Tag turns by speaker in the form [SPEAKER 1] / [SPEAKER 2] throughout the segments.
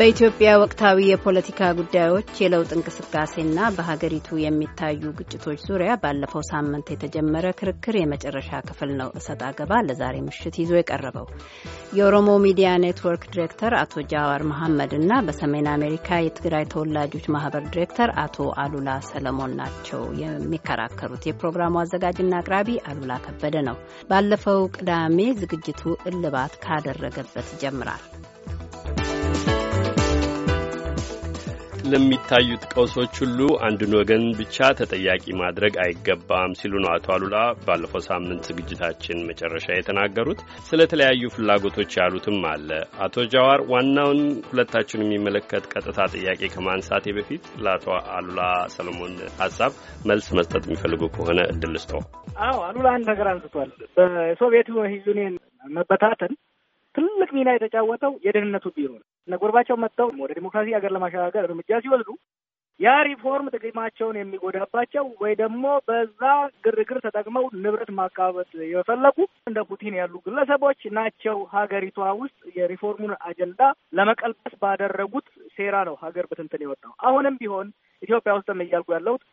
[SPEAKER 1] በኢትዮጵያ ወቅታዊ የፖለቲካ ጉዳዮች የለውጥ እንቅስቃሴና በሀገሪቱ የሚታዩ ግጭቶች ዙሪያ ባለፈው ሳምንት የተጀመረ ክርክር የመጨረሻ ክፍል ነው። እሰጥ አገባ ለዛሬ ምሽት ይዞ የቀረበው የኦሮሞ ሚዲያ ኔትወርክ ዲሬክተር አቶ ጃዋር መሐመድ እና በሰሜን አሜሪካ የትግራይ ተወላጆች ማህበር ዲሬክተር አቶ አሉላ ሰለሞን ናቸው የሚከራከሩት። የፕሮግራሙ አዘጋጅና አቅራቢ አሉላ ከበደ ነው። ባለፈው ቅዳሜ ዝግጅቱ እልባት ካደረገበት ይጀምራል።
[SPEAKER 2] ለሚታዩት ቀውሶች ሁሉ አንድን ወገን ብቻ ተጠያቂ ማድረግ አይገባም ሲሉ ነው አቶ አሉላ ባለፈው ሳምንት ዝግጅታችን መጨረሻ የተናገሩት። ስለ ተለያዩ ፍላጎቶች ያሉትም አለ። አቶ ጃዋር ዋናውን ሁለታችሁን የሚመለከት ቀጥታ ጥያቄ ከማንሳቴ በፊት ለአቶ አሉላ ሰለሞን ሀሳብ መልስ መስጠት የሚፈልጉ ከሆነ እድል ስጦ።
[SPEAKER 3] አዎ አሉላ አንድ ነገር አንስቷል። በሶቪየት ዩኒየን መበታተን ትልቅ ሚና የተጫወተው የደህንነቱ ቢሮ ነው። እነ ጎርባቸው መጥተው ወደ ዲሞክራሲ ሀገር ለማሸጋገር እርምጃ ሲወስዱ ያ ሪፎርም ጥቅማቸውን የሚጎዳባቸው ወይ ደግሞ በዛ ግርግር ተጠቅመው ንብረት ማካበት የፈለጉ እንደ ፑቲን ያሉ ግለሰቦች ናቸው። ሀገሪቷ ውስጥ የሪፎርሙን አጀንዳ ለመቀልበስ ባደረጉት ሴራ ነው ሀገር በትንትን የወጣው። አሁንም ቢሆን ኢትዮጵያ ውስጥም እያልኩ ያለሁት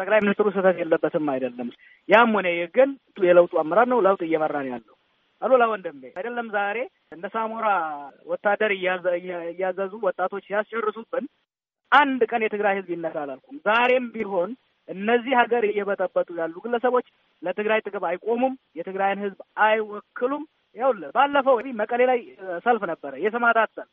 [SPEAKER 3] ጠቅላይ ሚኒስትሩ ስህተት የለበትም አይደለም። ያም ሆነ ግን የለውጡ አመራር ነው ለውጥ እየመራን ያለው አሉላ ወንድሜ አይደለም ዛሬ እንደ ሳሞራ ወታደር እያዘዙ ወጣቶች ሲያስጨርሱብን አንድ ቀን የትግራይ ህዝብ ይነሳል አላልኩም። ዛሬም ቢሆን እነዚህ ሀገር እየበጠበጡ ያሉ ግለሰቦች ለትግራይ ጥቅም አይቆሙም፣ የትግራይን ህዝብ አይወክሉም። ይኸውልህ ባለፈው መቀሌ ላይ ሰልፍ ነበረ፣ የሰማዕታት ሰልፍ።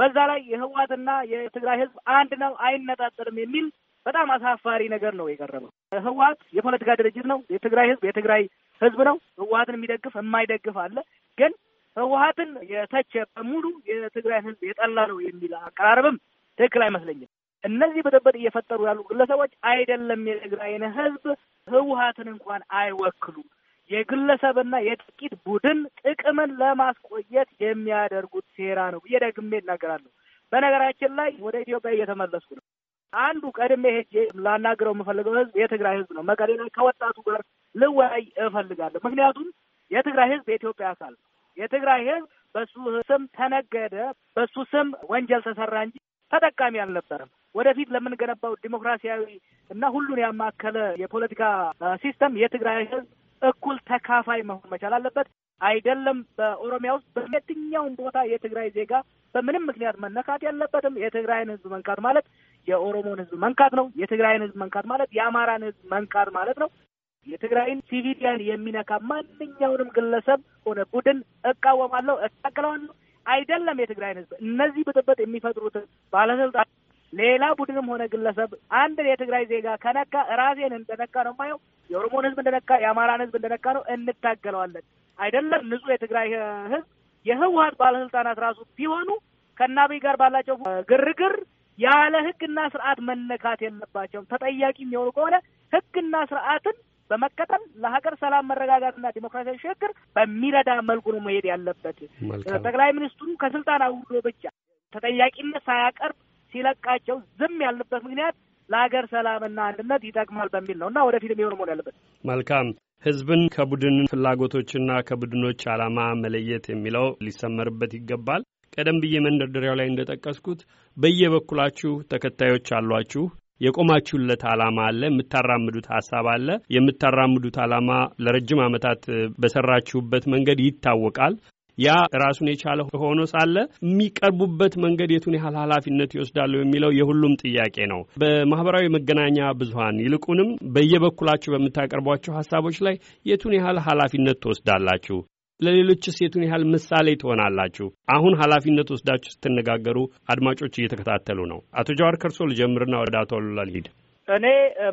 [SPEAKER 3] በዛ ላይ የህዋትና የትግራይ ህዝብ አንድ ነው፣ አይነጣጠልም የሚል በጣም አሳፋሪ ነገር ነው የቀረበው። ህዋት የፖለቲካ ድርጅት ነው። የትግራይ ህዝብ የትግራይ ህዝብ ነው። ህወሀትን የሚደግፍ የማይደግፍ አለ። ግን ህወሀትን የተቸ በሙሉ የትግራይን ህዝብ የጠላ ነው የሚል አቀራረብም ትክክል አይመስለኝም። እነዚህ ብጥብጥ እየፈጠሩ ያሉ ግለሰቦች አይደለም የትግራይን ህዝብ ህወሀትን እንኳን አይወክሉም። የግለሰብና የጥቂት ቡድን ጥቅምን ለማስቆየት የሚያደርጉት ሴራ ነው ብዬ ደግሜ እናገራለሁ። በነገራችን ላይ ወደ ኢትዮጵያ እየተመለስኩ ነው። አንዱ ቀድሜ ሄጄ ላናግረው የምፈልገው ህዝብ የትግራይ ህዝብ ነው። መቀሌ ላይ ከወጣቱ ጋር ልወያይ እፈልጋለሁ። ምክንያቱም የትግራይ ህዝብ የኢትዮጵያ አካል ነው። የትግራይ ህዝብ በሱ ስም ተነገደ፣ በሱ ስም ወንጀል ተሰራ እንጂ ተጠቃሚ አልነበረም። ወደፊት ለምንገነባው ዲሞክራሲያዊ እና ሁሉን ያማከለ የፖለቲካ ሲስተም የትግራይ ህዝብ እኩል ተካፋይ መሆን መቻል አለበት። አይደለም። በኦሮሚያ ውስጥ በየትኛውም ቦታ የትግራይ ዜጋ በምንም ምክንያት መነካት ያለበትም። የትግራይን ህዝብ መንካት ማለት የኦሮሞን ህዝብ መንካት ነው። የትግራይን ህዝብ መንካት ማለት የአማራን ህዝብ መንካት ማለት ነው። የትግራይን ሲቪሊያን የሚነካ ማንኛውንም ግለሰብ ሆነ ቡድን እቃወማለሁ፣ እታገለዋለሁ። አይደለም የትግራይን ህዝብ እነዚህ ብጥብጥ የሚፈጥሩትን ባለስልጣን ሌላ ቡድንም ሆነ ግለሰብ አንድ የትግራይ ዜጋ ከነካ ራሴን እንደነካ ነው የማየው። የኦሮሞን ህዝብ እንደነካ፣ የአማራን ህዝብ እንደነካ ነው። እንታገለዋለን። አይደለም ንጹህ የትግራይ ህዝብ የህወሀት ባለስልጣናት ራሱ ቢሆኑ ከናቢ ጋር ባላቸው ግርግር ያለ ህግና ስርዓት መነካት የለባቸውም። ተጠያቂ የሚሆኑ ከሆነ ህግና ስርዓትን በመከተል ለሀገር ሰላም መረጋጋትና ዲሞክራሲያዊ ሽግግር በሚረዳ መልኩ ነው መሄድ ያለበት። ጠቅላይ ሚኒስትሩ ከስልጣን አውርዶ ብቻ ተጠያቂነት ሳያቀርብ ሲለቃቸው ዝም ያልንበት ምክንያት ለሀገር ሰላምና አንድነት ይጠቅማል በሚል ነው እና ወደፊትም የሆነ መሆን ያለበት
[SPEAKER 2] መልካም ህዝብን ከቡድን ፍላጎቶችና ከቡድኖች ዓላማ መለየት የሚለው ሊሰመርበት ይገባል። ቀደም ብዬ መንደርደሪያው ላይ እንደጠቀስኩት በየበኩላችሁ ተከታዮች አሏችሁ። የቆማችሁለት ዓላማ አለ፣ የምታራምዱት ሀሳብ አለ። የምታራምዱት ዓላማ ለረጅም ዓመታት በሰራችሁበት መንገድ ይታወቃል። ያ ራሱን የቻለ ሆኖ ሳለ የሚቀርቡበት መንገድ የቱን ያህል ኃላፊነት ይወስዳሉ የሚለው የሁሉም ጥያቄ ነው። በማህበራዊ መገናኛ ብዙሀን ይልቁንም በየበኩላችሁ በምታቀርቧቸው ሀሳቦች ላይ የቱን ያህል ኃላፊነት ትወስዳላችሁ? ለሌሎችስ የቱን ያህል ምሳሌ ትሆናላችሁ? አሁን ኃላፊነት ወስዳችሁ ስትነጋገሩ አድማጮች እየተከታተሉ ነው። አቶ ጀዋር ከርሶ ልጀምርና ወደ አቶ አሉላ ልሂድ።
[SPEAKER 3] እኔ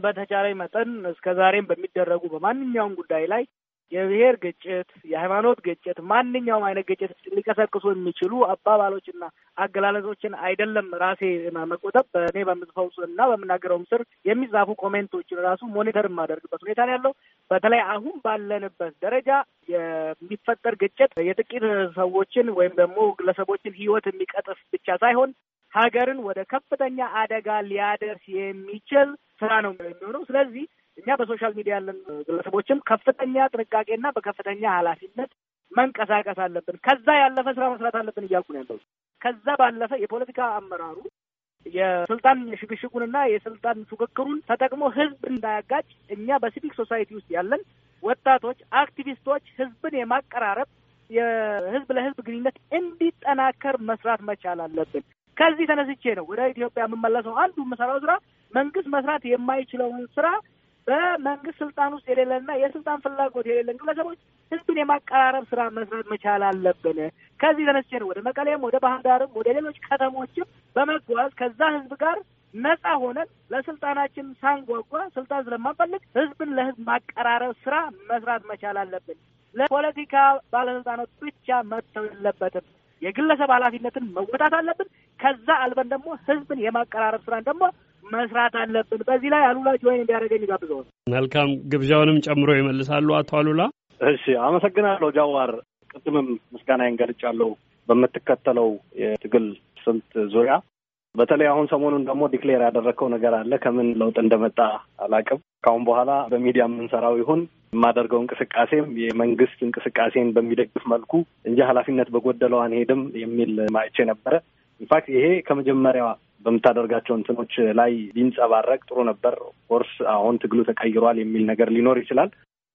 [SPEAKER 3] በተቻለኝ መጠን እስከ ዛሬም በሚደረጉ በማንኛውም ጉዳይ ላይ የብሔር ግጭት፣ የሃይማኖት ግጭት፣ ማንኛውም አይነት ግጭት ሊቀሰቅሱ የሚችሉ አባባሎችና አገላለጾችን አይደለም ራሴ መቆጠብ በእኔ በምጽፈው እና በምናገረውም ስር የሚጻፉ ኮሜንቶችን ራሱ ሞኒተር የማደርግበት ሁኔታ ነው ያለው። በተለይ አሁን ባለንበት ደረጃ የሚፈጠር ግጭት የጥቂት ሰዎችን ወይም ደግሞ ግለሰቦችን ህይወት የሚቀጥፍ ብቻ ሳይሆን ሀገርን ወደ ከፍተኛ አደጋ ሊያደርስ የሚችል ስራ ነው የሚሆነው። ስለዚህ እኛ በሶሻል ሚዲያ ያለን ግለሰቦችም ከፍተኛ ጥንቃቄና በከፍተኛ ኃላፊነት መንቀሳቀስ አለብን። ከዛ ያለፈ ስራ መስራት አለብን እያልኩ ነው ያለው። ከዛ ባለፈ የፖለቲካ አመራሩ የስልጣን ሽግሽጉንና የስልጣን ፉክክሩን ተጠቅሞ ህዝብ እንዳያጋጭ እኛ በሲቪክ ሶሳይቲ ውስጥ ያለን ወጣቶች፣ አክቲቪስቶች ህዝብን የማቀራረብ የህዝብ ለህዝብ ግንኙነት እንዲጠናከር መስራት መቻል አለብን። ከዚህ ተነስቼ ነው ወደ ኢትዮጵያ የምመለሰው። አንዱ የምሰራው ስራ መንግስት መስራት የማይችለውን ስራ በመንግስት ስልጣን ውስጥ የሌለና የስልጣን ፍላጎት የሌለን ግለሰቦች ህዝብን የማቀራረብ ስራ መስራት መቻል አለብን። ከዚህ ተነስቼን ወደ መቀሌም ወደ ባህር ዳርም ወደ ሌሎች ከተሞችም በመጓዝ ከዛ ህዝብ ጋር ነጻ ሆነን ለስልጣናችን ሳንጓጓ ስልጣን ስለማንፈልግ ህዝብን ለህዝብ ማቀራረብ ስራ መስራት መቻል አለብን። ለፖለቲካ ባለስልጣኖች ብቻ መተው የለበትም። የግለሰብ ኃላፊነትን መወጣት አለብን። ከዛ አልበን ደግሞ ህዝብን የማቀራረብ ስራን ደግሞ መስራት አለብን። በዚህ ላይ አሉላ ጆይን እንዲያደርገኝ ጋብዘዋል።
[SPEAKER 2] መልካም ግብዣውንም ጨምሮ ይመልሳሉ አቶ አሉላ። እሺ አመሰግናለሁ ጃዋር። ቅድምም
[SPEAKER 1] ምስጋናዬን ገልጫለሁ በምትከተለው የትግል ስልት ዙሪያ በተለይ አሁን ሰሞኑን ደግሞ ዲክሌር ያደረግከው ነገር አለ። ከምን ለውጥ እንደመጣ አላቅም። ካሁን በኋላ በሚዲያ የምንሰራው ይሁን የማደርገው እንቅስቃሴም የመንግስት እንቅስቃሴን በሚደግፍ መልኩ እንጂ ኃላፊነት በጎደለው አንሄድም የሚል ማይቼ ነበረ። ኢንፋክት ይሄ ከመጀመሪያዋ በምታደርጋቸው እንትኖች ላይ ሊንጸባረቅ ጥሩ ነበር። ኦርስ አሁን ትግሉ ተቀይሯል የሚል ነገር ሊኖር ይችላል።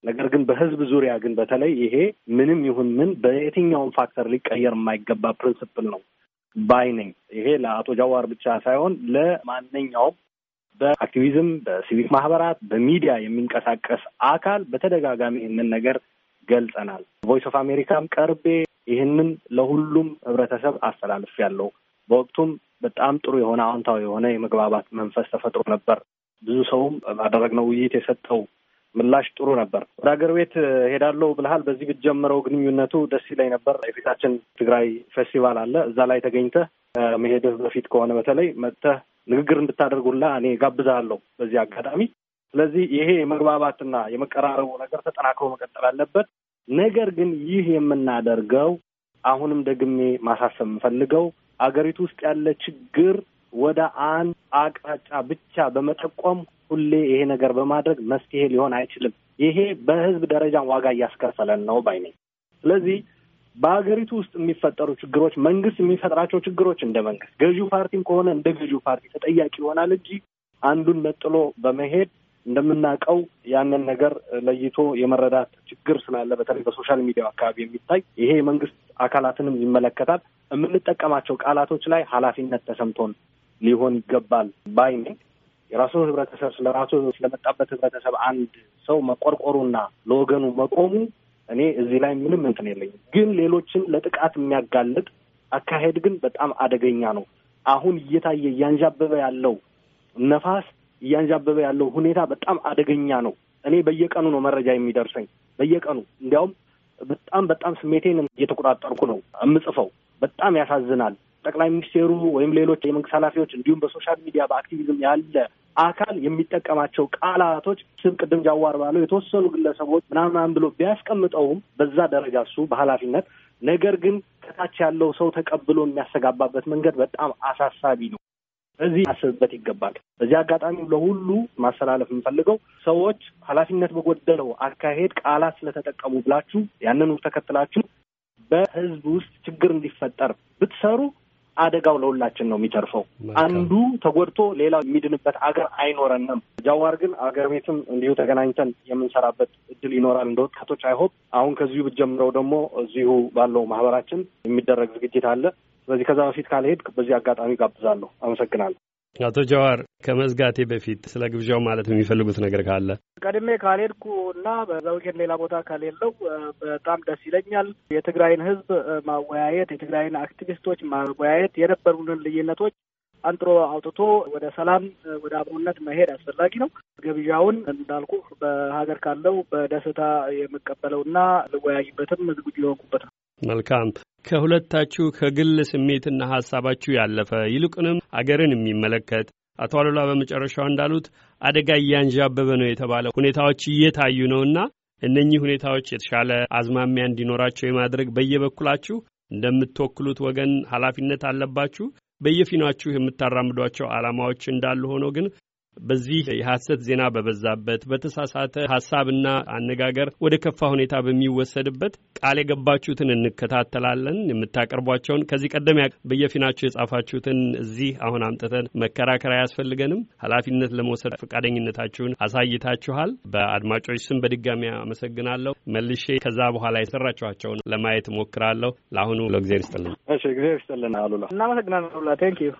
[SPEAKER 1] ነገር ግን በህዝብ ዙሪያ ግን በተለይ ይሄ ምንም ይሁን ምን በየትኛውም ፋክተር ሊቀየር የማይገባ ፕሪንስፕል ነው ባይ ነኝ። ይሄ ለአቶ ጃዋር ብቻ ሳይሆን ለማንኛውም በአክቲቪዝም፣ በሲቪክ ማህበራት፣ በሚዲያ የሚንቀሳቀስ አካል በተደጋጋሚ ይህንን ነገር ገልጸናል። ቮይስ ኦፍ አሜሪካም ቀርቤ ይህንን ለሁሉም ህብረተሰብ አስተላልፍ ያለው በወቅቱም በጣም ጥሩ የሆነ አዎንታዊ የሆነ የመግባባት መንፈስ ተፈጥሮ ነበር። ብዙ ሰውም ባደረግነው ውይይት የሰጠው ምላሽ ጥሩ ነበር። ወደ ሀገር ቤት ሄዳለሁ ብልሃል። በዚህ ብትጀምረው ግንኙነቱ ደስ ይለኝ ነበር። የፊታችን ትግራይ ፌስቲቫል አለ። እዛ ላይ ተገኝተህ ከመሄድህ በፊት ከሆነ በተለይ መጥተህ ንግግር እንድታደርጉላ እኔ ጋብዛለሁ በዚህ አጋጣሚ። ስለዚህ ይሄ የመግባባትና የመቀራረቡ ነገር ተጠናክሮ መቀጠል አለበት። ነገር ግን ይህ የምናደርገው አሁንም ደግሜ ማሳሰብ የምፈልገው አገሪቱ ውስጥ ያለ ችግር ወደ አንድ አቅጣጫ ብቻ በመጠቆም ሁሌ ይሄ ነገር በማድረግ መፍትሄ ሊሆን አይችልም። ይሄ በህዝብ ደረጃ ዋጋ እያስከፈለን ነው ባይ ነኝ። ስለዚህ በሀገሪቱ ውስጥ የሚፈጠሩ ችግሮች መንግስት የሚፈጥራቸው ችግሮች እንደ መንግስት፣ ገዢው ፓርቲም ከሆነ እንደ ገዢው ፓርቲ ተጠያቂ ይሆናል እንጂ አንዱን መጥሎ በመሄድ እንደምናውቀው ያንን ነገር ለይቶ የመረዳት ችግር ስላለ በተለይ በሶሻል ሚዲያው አካባቢ የሚታይ ይሄ የመንግስት አካላትንም ይመለከታል። የምንጠቀማቸው ቃላቶች ላይ ኃላፊነት ተሰምቶን ሊሆን ይገባል ባይ ነኝ። የራሱ ህብረተሰብ ስለራሱ ስለመጣበት ህብረተሰብ አንድ ሰው መቆርቆሩና ለወገኑ መቆሙ እኔ እዚህ ላይ ምንም እንትን የለኝም። ግን ሌሎችን ለጥቃት የሚያጋልጥ አካሄድ ግን በጣም አደገኛ ነው። አሁን እየታየ እያንዣበበ ያለው ነፋስ፣ እያንዣበበ ያለው ሁኔታ በጣም አደገኛ ነው። እኔ በየቀኑ ነው መረጃ የሚደርሰኝ በየቀኑ እንዲያውም በጣም በጣም ስሜቴን እየተቆጣጠርኩ ነው የምጽፈው። በጣም ያሳዝናል። ጠቅላይ ሚኒስቴሩ ወይም ሌሎች የመንግስት ኃላፊዎች እንዲሁም በሶሻል ሚዲያ በአክቲቪዝም ያለ አካል የሚጠቀማቸው ቃላቶች ስብ ቅድም ጃዋር ባለው የተወሰኑ ግለሰቦች ምናምናም ብሎ ቢያስቀምጠውም በዛ ደረጃ እሱ በኃላፊነት ነገር ግን ከታች ያለው ሰው ተቀብሎ የሚያሰጋባበት መንገድ በጣም አሳሳቢ ነው። በዚህ አስብበት ይገባል። በዚህ አጋጣሚ ለሁሉ ማስተላለፍ የምፈልገው ሰዎች ኃላፊነት በጎደለው አካሄድ ቃላት ስለተጠቀሙ ብላችሁ ያንኑ ተከትላችሁ በህዝብ ውስጥ ችግር እንዲፈጠር ብትሰሩ አደጋው ለሁላችን ነው የሚተርፈው። አንዱ ተጎድቶ ሌላው የሚድንበት አገር አይኖረንም። ጃዋር ግን አገር ቤትም እንዲሁ ተገናኝተን የምንሰራበት እድል ይኖራል። እንደ ወጣቶች አይሆፕ አሁን ከዚሁ ብትጀምረው ደግሞ እዚሁ ባለው ማህበራችን የሚደረግ ዝግጅት አለ። ስለዚህ ከዛ በፊት ካልሄድ በዚህ አጋጣሚ ጋብዛለሁ።
[SPEAKER 3] አመሰግናለሁ።
[SPEAKER 2] አቶ ጀዋር ከመዝጋቴ በፊት ስለ ግብዣው ማለት የሚፈልጉት ነገር ካለ?
[SPEAKER 3] ቀድሜ ካልሄድኩ እና በዛ ዊኬንድ ሌላ ቦታ ከሌለው በጣም ደስ ይለኛል። የትግራይን ህዝብ ማወያየት፣ የትግራይን አክቲቪስቶች ማወያየት፣ የነበሩንን ልዩነቶች አንጥሮ አውጥቶ ወደ ሰላም ወደ አብሮነት መሄድ አስፈላጊ ነው። ግብዣውን እንዳልኩ በሀገር ካለው በደስታ የምቀበለውና ልወያይበትም ዝግጁ የሆንኩበት ነው።
[SPEAKER 2] መልካም ከሁለታችሁ ከግል ስሜትና ሀሳባችሁ ያለፈ ይልቁንም አገርን የሚመለከት አቶ አሉላ በመጨረሻው እንዳሉት አደጋ እያንዣበበ ነው የተባለ ሁኔታዎች እየታዩ ነውና እነኚህ ሁኔታዎች የተሻለ አዝማሚያ እንዲኖራቸው የማድረግ በየበኩላችሁ እንደምትወክሉት ወገን ኃላፊነት አለባችሁ። በየፊናችሁ የምታራምዷቸው ዓላማዎች እንዳሉ ሆኖ ግን በዚህ የሐሰት ዜና በበዛበት በተሳሳተ ሀሳብና አነጋገር ወደ ከፋ ሁኔታ በሚወሰድበት ቃል የገባችሁትን እንከታተላለን የምታቀርቧቸውን ከዚህ ቀደም በየፊናችሁ የጻፋችሁትን እዚህ አሁን አምጥተን መከራከር አያስፈልገንም፣ ኃላፊነት ለመውሰድ ፈቃደኝነታችሁን አሳይታችኋል። በአድማጮች ስም በድጋሚ አመሰግናለሁ። መልሼ ከዛ በኋላ የሰራችኋቸውን ለማየት እሞክራለሁ። ለአሁኑ ለእግዜር ይስጥልን።
[SPEAKER 1] እሺ፣ እግዚአብሔር ይስጥልን አሉላ። እናመሰግናለን አሉላ። ቴንክ ዩ